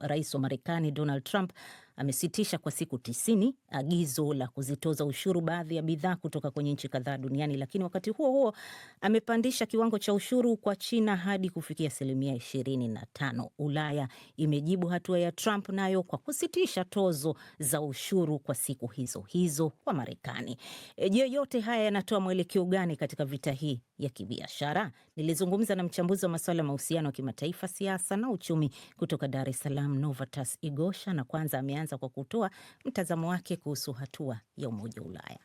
rais wa Marekani Donald Trump amesitisha kwa siku tisini agizo la kuzitoza ushuru baadhi ya bidhaa kutoka kwenye nchi kadhaa duniani, lakini wakati huo huo amepandisha kiwango cha ushuru kwa China hadi kufikia asilimia ishirini na tano. Ulaya imejibu hatua ya Trump nayo kwa kusitisha tozo za ushuru kwa siku hizo hizo kwa Marekani. E, je, yote haya yanatoa mwelekeo gani katika vita hii ya kibiashara? Nilizungumza na mchambuzi wa masuala ya mahusiano ya kimataifa, siasa na uchumi kutoka Dar es Salaam, Novatus Igosha, na kwanza amea anaanza kwa kutoa mtazamo wake kuhusu hatua ya Umoja wa Ulaya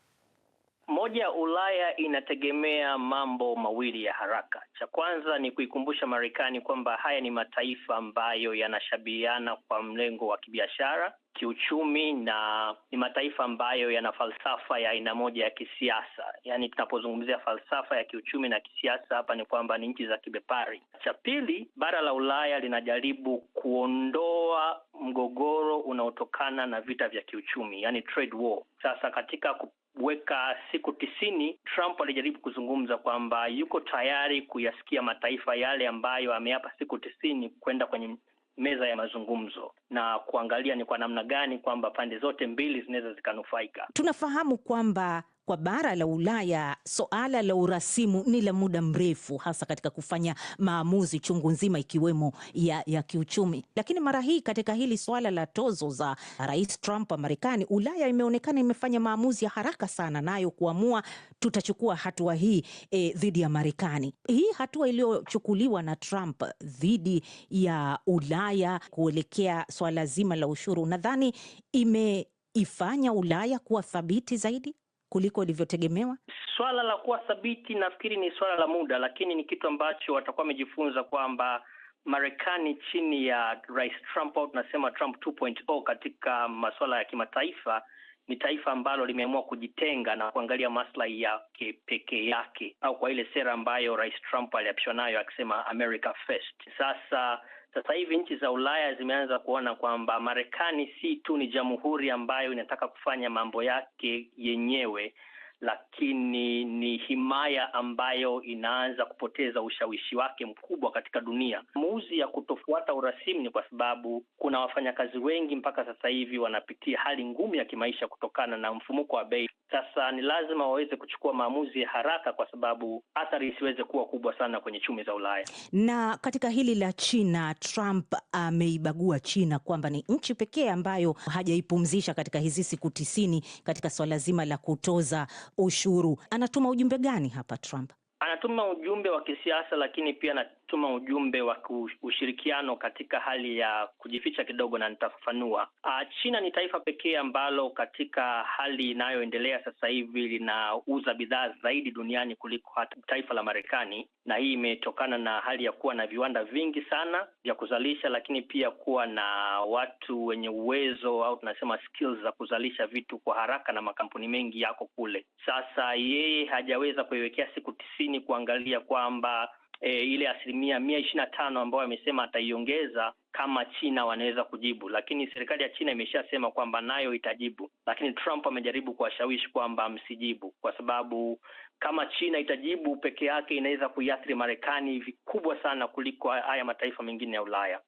moja, Ulaya inategemea mambo mawili ya haraka. Cha kwanza ni kuikumbusha Marekani kwamba haya ni mataifa ambayo yanashabihiana kwa mlengo wa kibiashara, kiuchumi na ni mataifa ambayo yana falsafa ya aina moja ya kisiasa. Yaani, tunapozungumzia falsafa ya kiuchumi na kisiasa hapa ni kwamba ni nchi za kibepari. Cha pili, bara la Ulaya linajaribu kuondoa mgogoro unaotokana na vita vya kiuchumi, yani trade war. Sasa katika weka siku tisini, Trump alijaribu kuzungumza kwamba yuko tayari kuyasikia mataifa yale ambayo ameapa siku tisini kwenda kwenye meza ya mazungumzo na kuangalia ni kwa namna gani kwamba pande zote mbili zinaweza zikanufaika. Tunafahamu kwamba kwa bara la Ulaya soala la urasimu ni la muda mrefu, hasa katika kufanya maamuzi chungu nzima ikiwemo ya, ya kiuchumi. Lakini mara hii katika hili suala la tozo za Rais Trump wa Marekani, Ulaya imeonekana imefanya maamuzi ya haraka sana, nayo kuamua tutachukua hatua hii e, dhidi ya Marekani. Hii hatua iliyochukuliwa na Trump dhidi ya Ulaya kuelekea suala zima la ushuru, nadhani imeifanya Ulaya kuwa thabiti zaidi kuliko ilivyotegemewa? Swala la kuwa thabiti nafikiri ni swala la muda, lakini ni kitu ambacho watakuwa wamejifunza kwamba Marekani chini ya Rais Trump au tunasema Trump 2.0 katika masuala ya kimataifa ni taifa ambalo limeamua kujitenga na kuangalia maslahi yake pekee yake, au kwa ile sera ambayo Rais Trump aliapishwa nayo akisema America First. Sasa sasa hivi nchi za Ulaya zimeanza kuona kwamba Marekani si tu ni jamhuri ambayo inataka kufanya mambo yake yenyewe, lakini ni himaya ambayo inaanza kupoteza ushawishi wake mkubwa katika dunia. Maamuzi ya kutofuata urasimu ni kwa sababu kuna wafanyakazi wengi mpaka sasa hivi wanapitia hali ngumu ya kimaisha kutokana na mfumuko wa bei. Sasa ni lazima waweze kuchukua maamuzi ya haraka, kwa sababu athari isiweze kuwa kubwa sana kwenye chumi za Ulaya. Na katika hili la China, Trump ameibagua China kwamba ni nchi pekee ambayo hajaipumzisha katika hizi siku tisini katika swala zima la kutoza ushuru. Anatuma ujumbe gani hapa Trump? Anatuma ujumbe wa kisiasa, lakini pia tuma ujumbe wa ushirikiano katika hali ya kujificha kidogo, na nitafafanua. Ah, China ni taifa pekee ambalo katika hali inayoendelea sasa hivi linauza bidhaa zaidi duniani kuliko hata taifa la Marekani, na hii imetokana na hali ya kuwa na viwanda vingi sana vya kuzalisha, lakini pia kuwa na watu wenye uwezo au tunasema skills za kuzalisha vitu kwa haraka, na makampuni mengi yako kule. Sasa yeye hajaweza kuiwekea siku tisini kuangalia kwamba e, ile asilimia mia ishirini na tano ambayo amesema ataiongeza kama China wanaweza kujibu, lakini serikali ya China imeshasema kwamba nayo itajibu, lakini Trump amejaribu kuwashawishi kwamba msijibu, kwa sababu kama China itajibu peke yake inaweza kuiathiri Marekani vikubwa sana kuliko haya mataifa mengine ya Ulaya.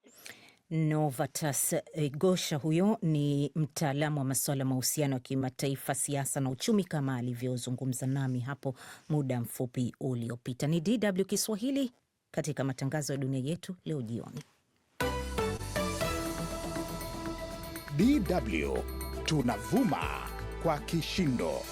Novatus Gosha huyo ni mtaalamu wa masuala mahusiano ya kimataifa, siasa na uchumi, kama alivyozungumza nami hapo muda mfupi uliopita. Ni DW Kiswahili katika matangazo ya dunia yetu leo jioni. DW tunavuma kwa kishindo.